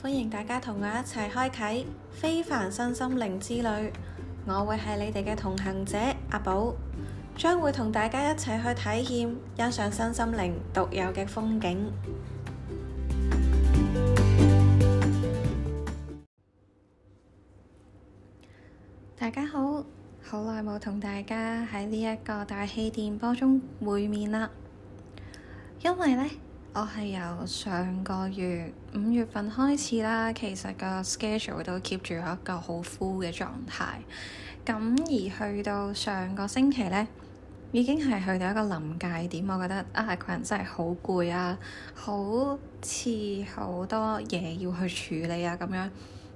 歡迎大家同我一齊開啟非凡新心靈之旅，我會係你哋嘅同行者阿寶，將會同大家一齊去體驗欣賞新心靈獨有嘅風景。大家好，好耐冇同大家喺呢一個大氣電波中會面啦，因為呢，我係由上個月。五月份開始啦，其實個 schedule 都 keep 住一個好 full 嘅狀態。咁而去到上個星期咧，已經係去到一個臨界點，我覺得啊個人真係好攰啊，好似好多嘢要去處理啊咁樣。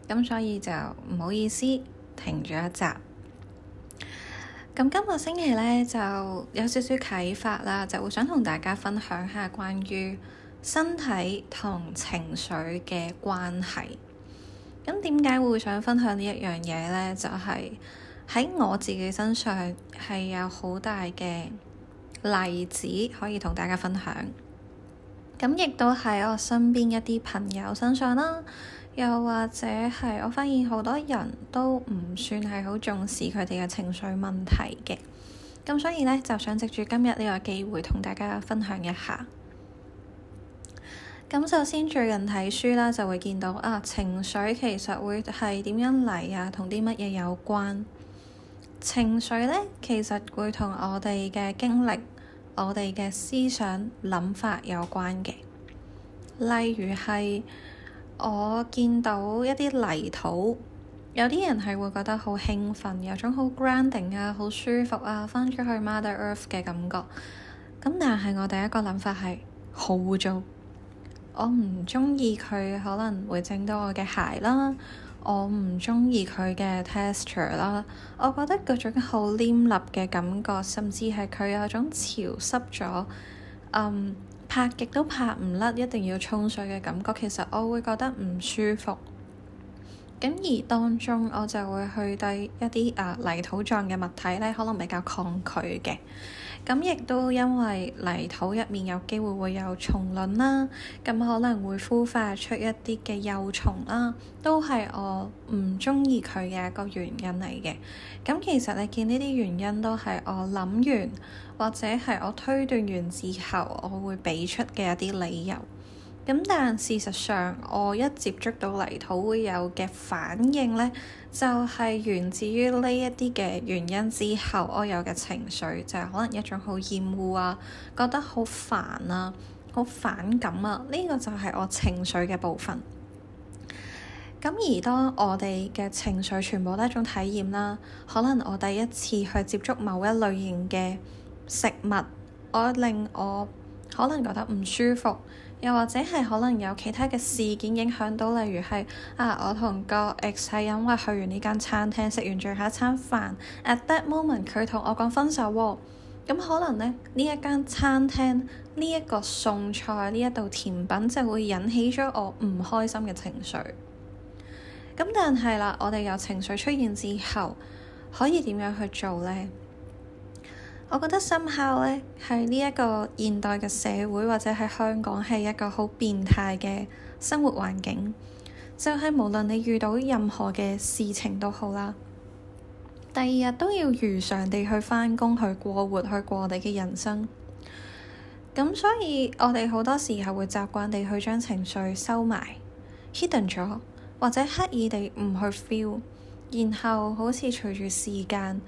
咁所以就唔好意思停咗一集。咁今個星期咧就有少少啟發啦，就會想同大家分享下關於。身體同情緒嘅關係，咁點解會想分享呢一樣嘢咧？就係喺我自己身上係有好大嘅例子可以同大家分享。咁亦都喺我身邊一啲朋友身上啦，又或者係我發現好多人都唔算係好重視佢哋嘅情緒問題嘅。咁所以咧，就想藉住今日呢個機會同大家分享一下。咁首先最近睇書啦，就會見到啊情緒其實會係點樣嚟啊，同啲乜嘢有關？情緒咧其實會同我哋嘅經歷、我哋嘅思想、諗法有關嘅。例如係我見到一啲泥土，有啲人係會覺得好興奮，有種好 grounding 啊、好舒服啊，翻出去 Mother Earth 嘅感覺。咁但係我第一個諗法係好污糟。我唔鍾意佢可能會整到我嘅鞋啦，我唔鍾意佢嘅 texture 啦，我覺得嗰種好黏立嘅感覺，甚至係佢有種潮濕咗，嗯拍極都拍唔甩，一定要沖水嘅感覺，其實我會覺得唔舒服。咁而當中我就會去對一啲啊、呃、泥土狀嘅物體咧，可能比較抗拒嘅。咁亦都因為泥土入面有機會會有蟲卵啦，咁可能會孵化出一啲嘅幼蟲啦，都係我唔中意佢嘅一個原因嚟嘅。咁其實你見呢啲原因都係我諗完或者係我推斷完之後，我會畀出嘅一啲理由。咁但事實上，我一接觸到泥土會有嘅反應咧，就係源自於呢一啲嘅原因之後，我有嘅情緒就係可能一種好厭惡啊，覺得好煩啊，好反感啊。呢個就係我情緒嘅部分。咁而當我哋嘅情緒全部都係一種體驗啦，可能我第一次去接觸某一類型嘅食物，我令我可能覺得唔舒服。又或者係可能有其他嘅事件影響到，例如係啊，我同個 ex 係因為去完呢間餐廳食完最後一餐飯，at that moment 佢同我講分手喎。咁可能呢，呢一間餐廳，呢一個餸菜，呢一道甜品就會引起咗我唔開心嘅情緒。咁但係啦，我哋有情緒出現之後，可以點樣去做咧？我覺得深刻咧，係呢一個現代嘅社會，或者係香港係一個好變態嘅生活環境。就係無論你遇到任何嘅事情都好啦，第二日都要如常地去翻工、去過活、去過我哋嘅人生。咁所以，我哋好多時候會習慣地去將情緒收埋、hidden 咗，或者刻意地唔去 feel，然後好似隨住時間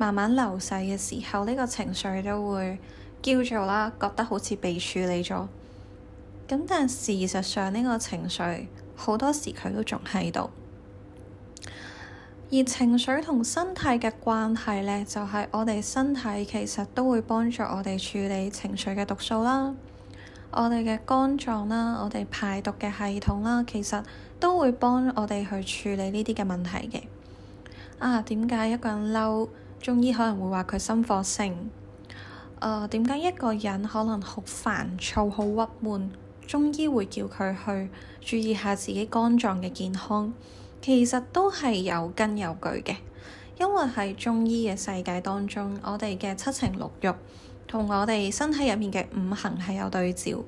慢慢流逝嘅時候，呢個情緒都會叫做啦，覺得好似被處理咗。咁但事實上，呢個情緒好多時佢都仲喺度。而情緒同身體嘅關係咧，就係我哋身體其實都會幫助我哋處理情緒嘅毒素啦。我哋嘅肝臟啦，我哋排毒嘅系統啦，其實都會幫我哋去處理呢啲嘅問題嘅。啊，點解一個人嬲？中醫可能會話佢心火盛，誒，點解一個人可能好煩躁、好鬱悶？中醫會叫佢去注意下自己肝臟嘅健康，其實都係有根有據嘅，因為喺中醫嘅世界當中，我哋嘅七情六慾同我哋身體入面嘅五行係有對照，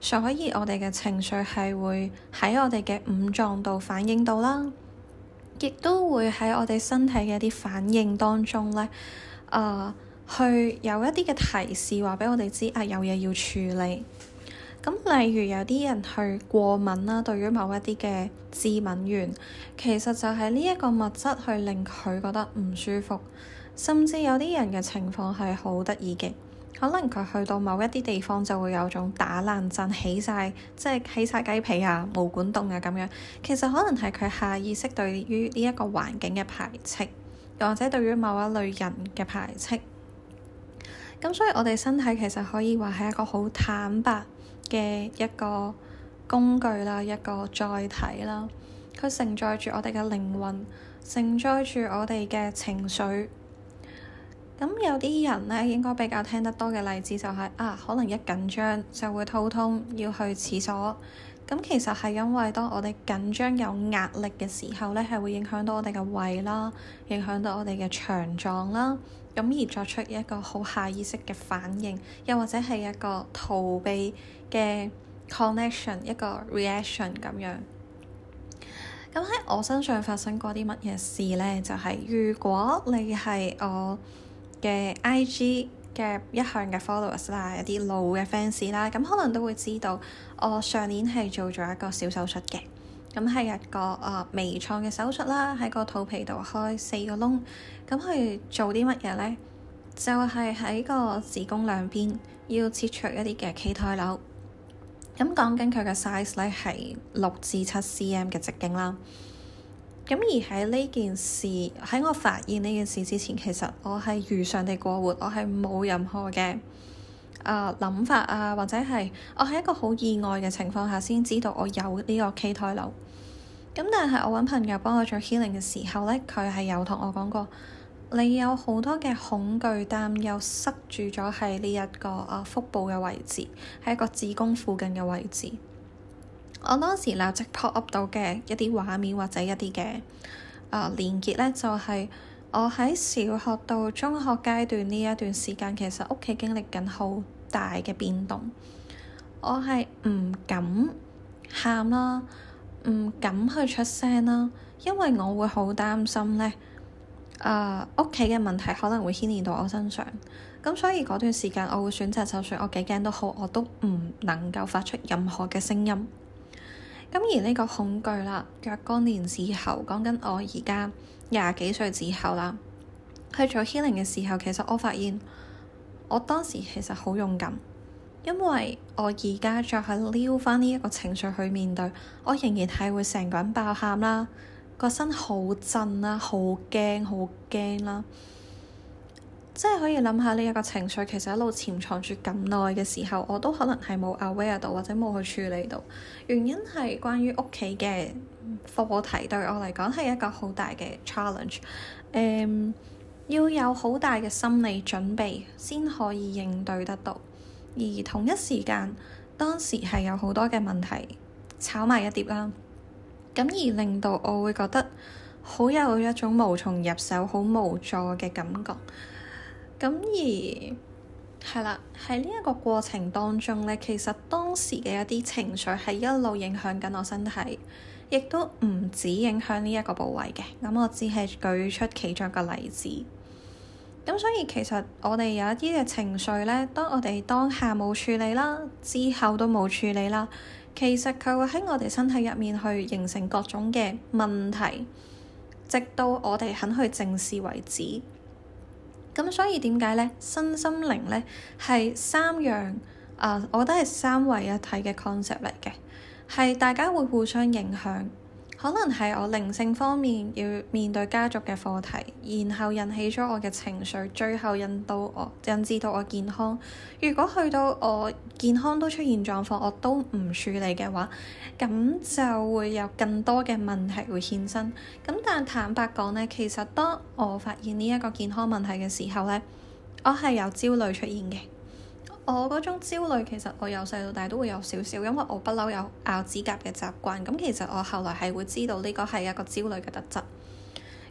所以我哋嘅情緒係會喺我哋嘅五臟度反映到啦。亦都會喺我哋身體嘅一啲反應當中咧，誒、呃，去有一啲嘅提示，話畀我哋知啊，有嘢要處理。咁例如有啲人去過敏啦，對於某一啲嘅致敏源，其實就係呢一個物質去令佢覺得唔舒服，甚至有啲人嘅情況係好得意嘅。可能佢去到某一啲地方就會有種打冷震、起晒，即係起晒雞皮啊、毛管凍啊咁樣，其實可能係佢下意識對於呢一個環境嘅排斥，又或者對於某一類人嘅排斥。咁所以我哋身體其實可以話，係一個好坦白嘅一個工具啦，一個載體啦。佢承載住我哋嘅靈魂，承載住我哋嘅情緒。咁有啲人咧，應該比較聽得多嘅例子就係啊，可能一緊張就會肚痛，要去廁所。咁其實係因為當我哋緊張有壓力嘅時候咧，係會影響到我哋嘅胃啦，影響到我哋嘅腸臟啦，咁而作出一個好下意識嘅反應，又或者係一個逃避嘅 connection，一個 reaction 咁樣。咁喺我身上發生過啲乜嘢事咧？就係如果你係我嘅 IG 嘅一向嘅 followers 啦，有啲老嘅 fans 啦，咁可能都會知道我上年係做咗一個小手術嘅，咁係、嗯、一個啊、呃、微創嘅手術啦，喺個肚皮度開四個窿，咁去做啲乜嘢呢？就係、是、喺個子宮兩邊要切除一啲嘅畸胎瘤，咁講緊佢嘅 size 呢，係六至七 cm 嘅直徑啦。咁而喺呢件事，喺我發現呢件事之前，其實我係如常地過活，我係冇任何嘅啊諗法啊，或者係我係一個好意外嘅情況下先知道我有呢個畸胎瘤。咁但係我揾朋友幫我做 healing 嘅時候咧，佢係有同我講過，你有好多嘅恐懼，但又塞住咗喺呢一個啊腹部嘅位置，喺一個子宮附近嘅位置。我當時立即 pop up 到嘅一啲畫面或者一啲嘅啊連結呢，就係我喺小學到中學階段呢一段時間，其實屋企經歷緊好大嘅變動。我係唔敢喊啦，唔敢去出聲啦，因為我會好擔心呢啊屋企嘅問題可能會牽連到我身上。咁所以嗰段時間，我會選擇就算我幾驚都好，我都唔能夠發出任何嘅聲音。咁而呢個恐懼啦，若干年講講之後，講緊我而家廿幾歲之後啦，去做 healing 嘅時候，其實我發現我當時其實好勇敢，因為我而家再去撩翻呢一個情緒去面對，我仍然係會成個人爆喊啦，個身好震啦，好驚好驚啦。即係可以諗下，呢一個情緒其實一路潛藏住咁耐嘅時候，我都可能係冇 aware 到或者冇去處理到。原因係關於屋企嘅課題，對我嚟講係一個好大嘅 challenge。嗯，要有好大嘅心理準備先可以應對得到。而同一時間，當時係有好多嘅問題炒埋一碟啦，咁而令到我會覺得好有一種無從入手、好無助嘅感覺。咁而係啦，喺呢一個過程當中咧，其實當時嘅一啲情緒係一路影響緊我身體，亦都唔止影響呢一個部位嘅。咁我只係舉出其中一個例子。咁所以其實我哋有一啲嘅情緒咧，當我哋當下冇處理啦，之後都冇處理啦，其實佢會喺我哋身體入面去形成各種嘅問題，直到我哋肯去正視為止。咁所以點解咧？身心靈咧係三樣啊、呃，我覺得係三位一體嘅 concept 嚟嘅，係大家會互相影響。可能係我靈性方面要面對家族嘅課題，然後引起咗我嘅情緒，最後引到我，引致到我健康。如果去到我健康都出現狀況，我都唔處理嘅話，咁就會有更多嘅問題會衍生。咁但坦白講呢，其實當我發現呢一個健康問題嘅時候呢，我係有焦慮出現嘅。我嗰種焦慮，其實我由細到大都會有少少，因為我不嬲有咬指甲嘅習慣。咁其實我後來係會知道呢個係一個焦慮嘅特質。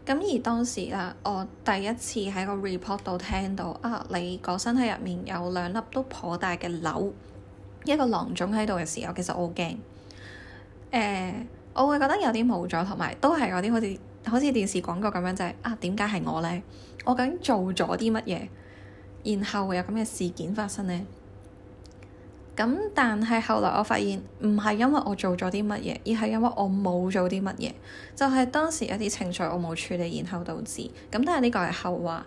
咁而當時啊，我第一次喺個 report 度聽到啊，你個身體入面有兩粒都頗大嘅瘤，一個囊腫喺度嘅時候，其實我好驚。誒、呃，我會覺得有啲冇咗，同埋都係嗰啲好似好似電視廣告咁樣，就係、是、啊點解係我咧？我究竟做咗啲乜嘢？然後會有咁嘅事件發生呢。咁但係後來我發現唔係因為我做咗啲乜嘢，而係因為我冇做啲乜嘢，就係當時有啲情緒我冇處理，然後導致咁。但係呢個係後話。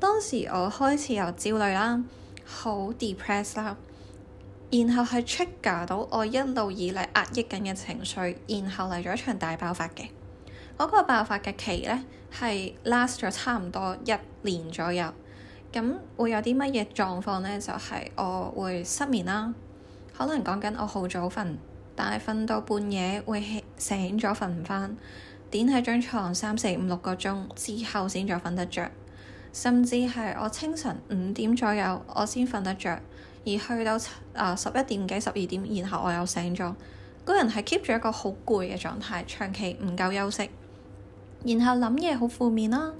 當時我開始有焦慮啦，好 depressed 啦，然後係 trigger 到我一路以嚟壓抑緊嘅情緒，然後嚟咗一場大爆發嘅。嗰個爆發嘅期咧係 last 咗差唔多一年左右。咁、嗯、會有啲乜嘢狀況呢？就係、是、我會失眠啦，可能講緊我好早瞓，但係瞓到半夜會醒咗，瞓唔翻，點喺張床三四五六個鐘之後先再瞓得着。甚至係我清晨五點左右我先瞓得着，而去到啊十一點幾十二點，然後我又醒咗，個人係 keep 住一個好攰嘅狀態，長期唔夠休息，然後諗嘢好負面啦。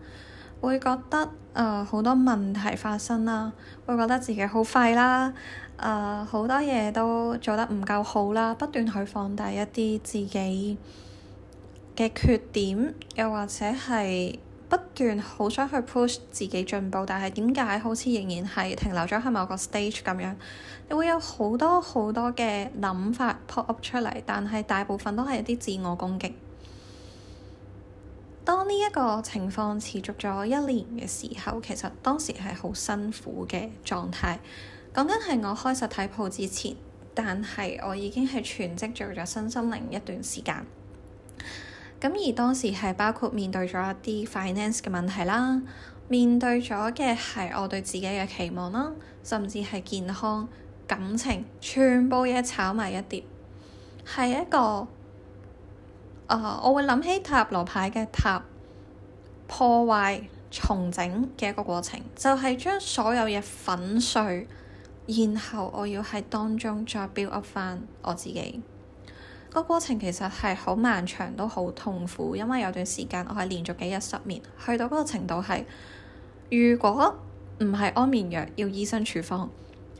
會覺得呃，好多問題發生啦，會覺得自己好廢啦，呃，好多嘢都做得唔夠好啦，不斷去放大一啲自己嘅缺點，又或者係不斷好想去 push 自己進步，但係點解好似仍然係停留咗喺某個 stage 咁樣？你會有好多好多嘅諗法 pop up 出嚟，但係大部分都係一啲自我攻擊。當呢一個情況持續咗一年嘅時候，其實當時係好辛苦嘅狀態。講緊係我開實體鋪之前，但係我已經係全職做咗身心靈一段時間。咁而當時係包括面對咗一啲 finance 嘅問題啦，面對咗嘅係我對自己嘅期望啦，甚至係健康、感情，全部嘢炒埋一碟，係一個。啊！Uh, 我會諗起塔羅牌嘅塔，破壞重整嘅一個過程，就係、是、將所有嘢粉碎，然後我要喺當中再 build up 翻我自己。個過程其實係好漫長，都好痛苦，因為有段時間我係連續幾日失眠，去到嗰個程度係，如果唔係安眠藥，要醫生處方，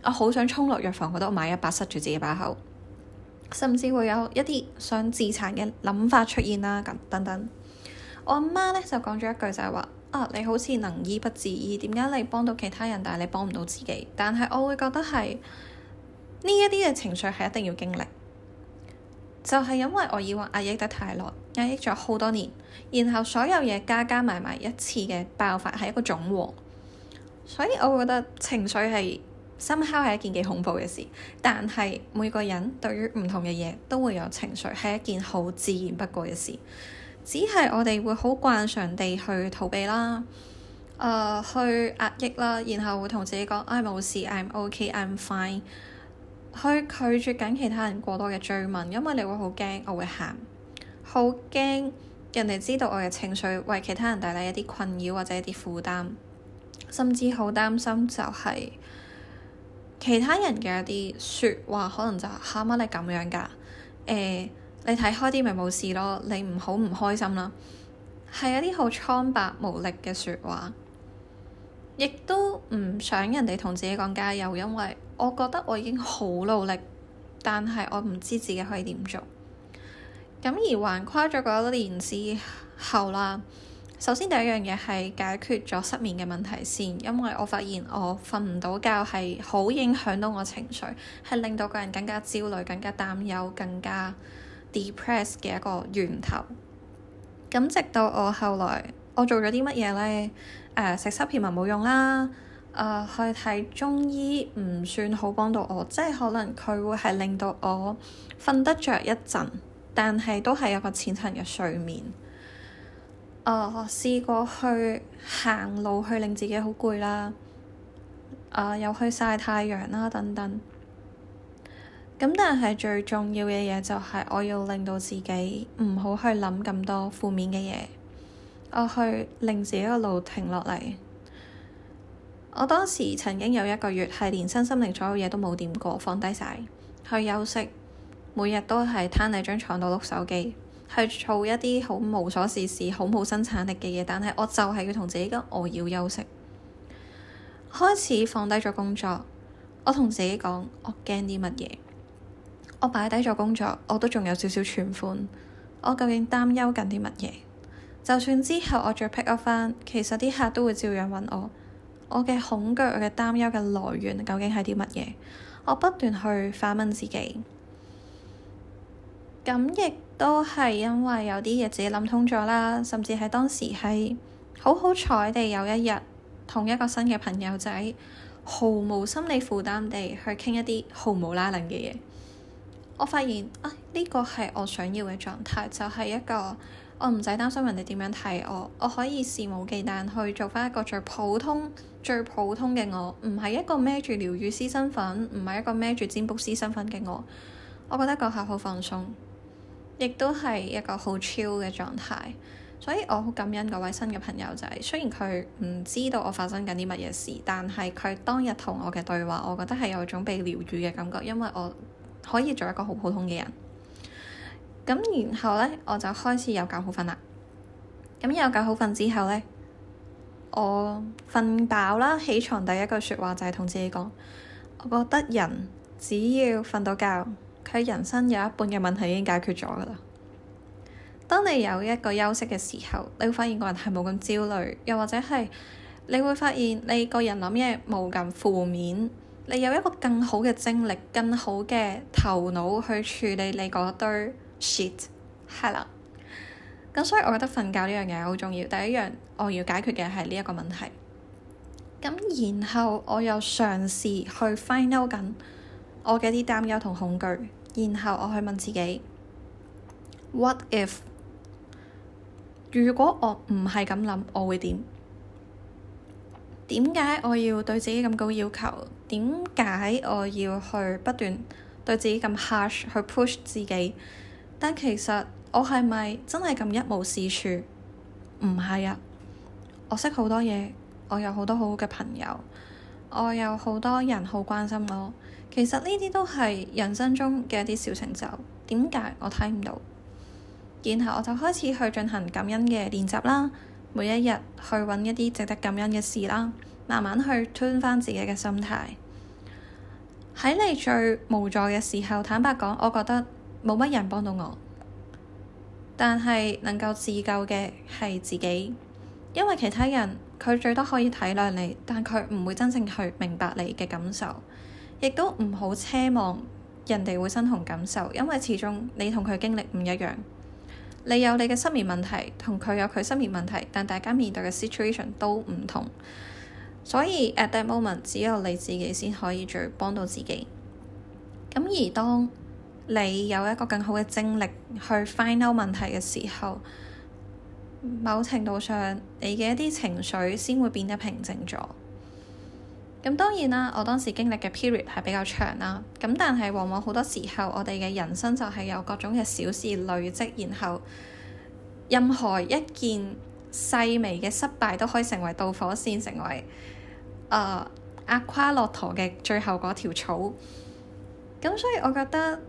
我好想衝落藥房，嗰度買一把塞住自己把口。甚至會有一啲想自殘嘅諗法出現啦，咁等等。我阿媽咧就講咗一句就係話，啊你好似能醫不自醫，點解你幫到其他人，但係你幫唔到自己？但係我會覺得係呢一啲嘅情緒係一定要經歷。就係因為我以往壓抑得太耐，壓抑咗好多年，然後所有嘢加加埋埋一次嘅爆發係一個總和，所以我覺得情緒係。心敲係一件幾恐怖嘅事，但係每個人對於唔同嘅嘢都會有情緒，係一件好自然不過嘅事。只係我哋會好慣常地去逃避啦，誒、呃、去壓抑啦，然後會同自己講：唉冇事，I'm OK，I'm fine。去拒絕緊其他人過多嘅追問，因為你會好驚，我會喊，好驚人哋知道我嘅情緒，為其他人帶嚟一啲困擾或者一啲負擔，甚至好擔心就係。其他人嘅一啲説話，可能就係嚇乜你咁樣㗎？誒、欸，你睇開啲咪冇事咯。你唔好唔開心啦，係一啲好蒼白無力嘅説話，亦都唔想人哋同自己講加油，因為我覺得我已經好努力，但係我唔知自己可以點做。咁而橫跨咗嗰多年之後啦。首先第一樣嘢係解決咗失眠嘅問題先，因為我發現我瞓唔到覺係好影響到我情緒，係令到個人更加焦慮、更加擔憂、更加 depressed 嘅一個源頭。咁直到我後來我做咗啲乜嘢呢？誒、呃、食濕片咪冇用啦，誒、呃、去睇中醫唔算好幫到我，即係可能佢會係令到我瞓得着一陣，但係都係有個淺層嘅睡眠。啊！Oh，試過去行路去令自己好攰啦，oh，又去晒太陽啦等等，咁但係最重要嘅嘢就係我要令到自己唔好去諗咁多負面嘅嘢，我去令自己個路停落嚟。我當時曾經有一個月係連身心靈所有嘢都冇掂過，放低晒，去休息，每日都係攤喺張床度碌手機。去做一啲好無所事事、好冇生產力嘅嘢，但係我就係要同自己講，我要休息。開始放低咗工作，我同自己講，我驚啲乜嘢？我擺低咗工作，我都仲有少少存款，我究竟擔憂緊啲乜嘢？就算之後我再 pick up 翻，其實啲客都會照樣揾我。我嘅恐懼、我嘅擔憂嘅來源究竟係啲乜嘢？我不斷去反問自己。咁亦都係因為有啲嘢自己諗通咗啦，甚至係當時係好好彩地有一日，同一個新嘅朋友仔毫無心理負擔地去傾一啲毫無拉楞嘅嘢。我發現啊，呢個係我想要嘅狀態，就係一個我唔使擔心人哋點樣睇我，我可以肆無忌憚去做翻一個最普通、最普通嘅我，唔係一個孭住療愈師身份，唔係一個孭住占卜師身份嘅我。我覺得個下好放鬆。亦都係一個好 chill 嘅狀態，所以我好感恩嗰位新嘅朋友就係雖然佢唔知道我發生緊啲乜嘢事，但係佢當日同我嘅對話，我覺得係有種被療愈嘅感覺，因為我可以做一個好普通嘅人。咁然後咧，我就開始有覺好瞓啦。咁有覺好瞓之後咧，我瞓飽啦，起床第一句説話就係同自己講，我覺得人只要瞓到覺。佢人生有一半嘅問題已經解決咗噶啦。當你有一個休息嘅時候，你會發現個人係冇咁焦慮，又或者係你會發現你個人諗嘢冇咁負面，你有一個更好嘅精力、更好嘅頭腦去處理你嗰堆 shit 係啦。咁所以我覺得瞓覺呢樣嘢好重要。第一樣我要解決嘅係呢一個問題。咁然後我又嘗試去 find out 我嘅啲擔憂同恐懼，然後我去問自己：What if？如果我唔係咁諗，我會點？點解我要對自己咁高要求？點解我要去不斷對自己咁 harsh 去 push 自己？但其實我係咪真係咁一無是處？唔係啊！我識好多嘢，我有好多好好嘅朋友，我有好多人好關心我。其實呢啲都係人生中嘅一啲小成就，點解我睇唔到？然後我就開始去進行感恩嘅練習啦，每一日去揾一啲值得感恩嘅事啦，慢慢去 tune 翻自己嘅心態。喺你最無助嘅時候，坦白講，我覺得冇乜人幫到我，但係能夠自救嘅係自己，因為其他人佢最多可以體諒你，但佢唔會真正去明白你嘅感受。亦都唔好奢望人哋會身同感受，因為始終你同佢經歷唔一樣。你有你嘅失眠問題，同佢有佢失眠問題，但大家面對嘅 situation 都唔同，所以 at that moment 只有你自己先可以最幫到自己。咁而當你有一個更好嘅精力去 find out 問題嘅時候，某程度上你嘅一啲情緒先會變得平靜咗。咁當然啦，我當時經歷嘅 period 係比較長啦。咁但係往往好多時候，我哋嘅人生就係有各種嘅小事累積，然後任何一件細微嘅失敗都可以成為導火線，成為呃壓垮駱駝嘅最後嗰條草。咁所以我覺得，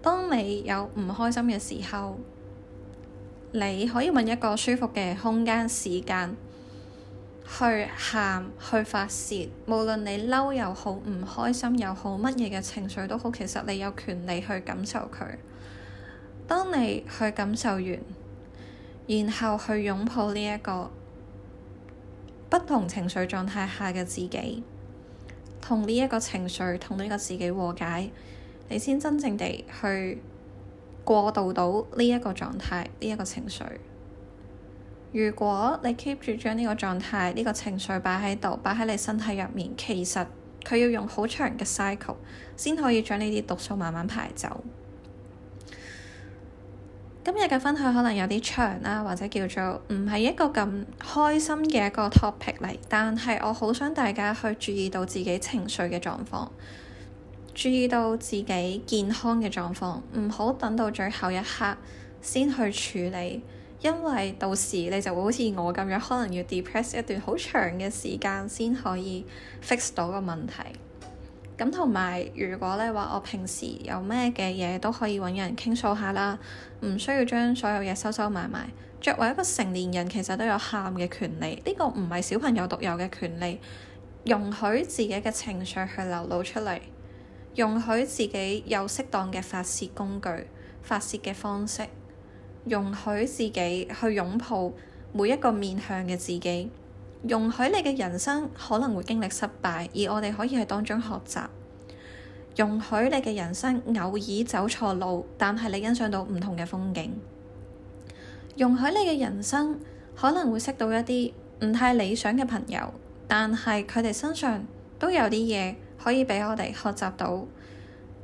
當你有唔開心嘅時候，你可以搵一個舒服嘅空間、時間。去喊、去發洩，無論你嬲又好、唔開心又好、乜嘢嘅情緒都好，其實你有權利去感受佢。當你去感受完，然後去擁抱呢一個不同情緒狀態下嘅自己，同呢一個情緒、同呢個自己和解，你先真正地去過渡到呢一個狀態、呢一個情緒。如果你 keep 住將呢個狀態、呢個情緒擺喺度、擺喺你身體入面，其實佢要用好長嘅 cycle 先可以將呢啲毒素慢慢排走。今日嘅分享可能有啲長啦，或者叫做唔係一個咁開心嘅一個 topic 嚟，但係我好想大家去注意到自己情緒嘅狀況，注意到自己健康嘅狀況，唔好等到最後一刻先去處理。因為到時你就會好似我咁樣，可能要 depress 一段好長嘅時間先可以 fix 到個問題。咁同埋，如果你話，我平時有咩嘅嘢都可以揾人傾訴下啦，唔需要將所有嘢收收埋埋。作為一個成年人，其實都有喊嘅權利，呢個唔係小朋友獨有嘅權利。容許自己嘅情緒去流露出嚟，容許自己有適當嘅發泄工具、發泄嘅方式。容許自己去擁抱每一個面向嘅自己，容許你嘅人生可能會經歷失敗，而我哋可以喺當中學習。容許你嘅人生偶爾走錯路，但係你欣賞到唔同嘅風景。容許你嘅人生可能會識到一啲唔太理想嘅朋友，但係佢哋身上都有啲嘢可以畀我哋學習到，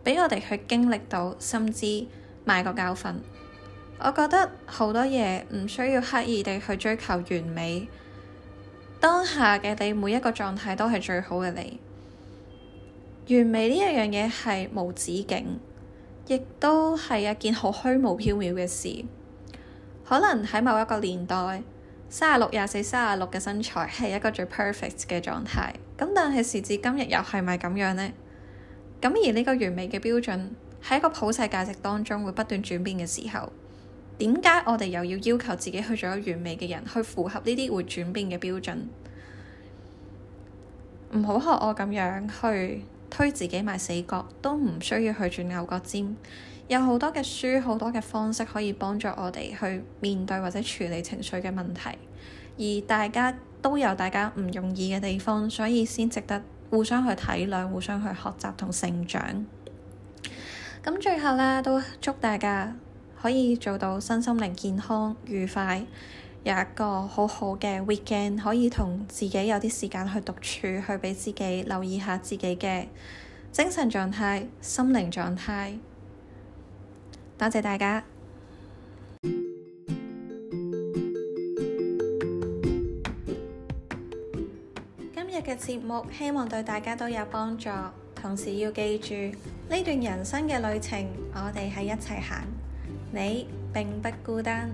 畀我哋去經歷到，甚至買個教訓。我覺得好多嘢唔需要刻意地去追求完美。當下嘅你每一個狀態都係最好嘅你。完美呢一樣嘢係無止境，亦都係一件好虛無縹緲嘅事。可能喺某一個年代，三十六廿四三十六嘅身材係一個最 perfect 嘅狀態。咁但係時至今日又係咪咁樣呢？咁而呢個完美嘅標準喺一個普世價值當中會不斷轉變嘅時候。點解我哋又要要求自己去做一個完美嘅人，去符合呢啲會轉變嘅標準？唔好學我咁樣去推自己埋死角，都唔需要去鑽牛角尖。有好多嘅書，好多嘅方式可以幫助我哋去面對或者處理情緒嘅問題。而大家都有大家唔容易嘅地方，所以先值得互相去體諒，互相去學習同成長。咁最後啦，都祝大家～可以做到身心靈健康愉快，有一個好好嘅 weekend，可以同自己有啲時間去獨處，去俾自己留意下自己嘅精神狀態、心靈狀態。多謝大家，今日嘅節目希望對大家都有幫助。同時要記住呢段人生嘅旅程，我哋喺一齊行。你並不孤單，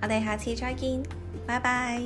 我哋下次再見，拜拜。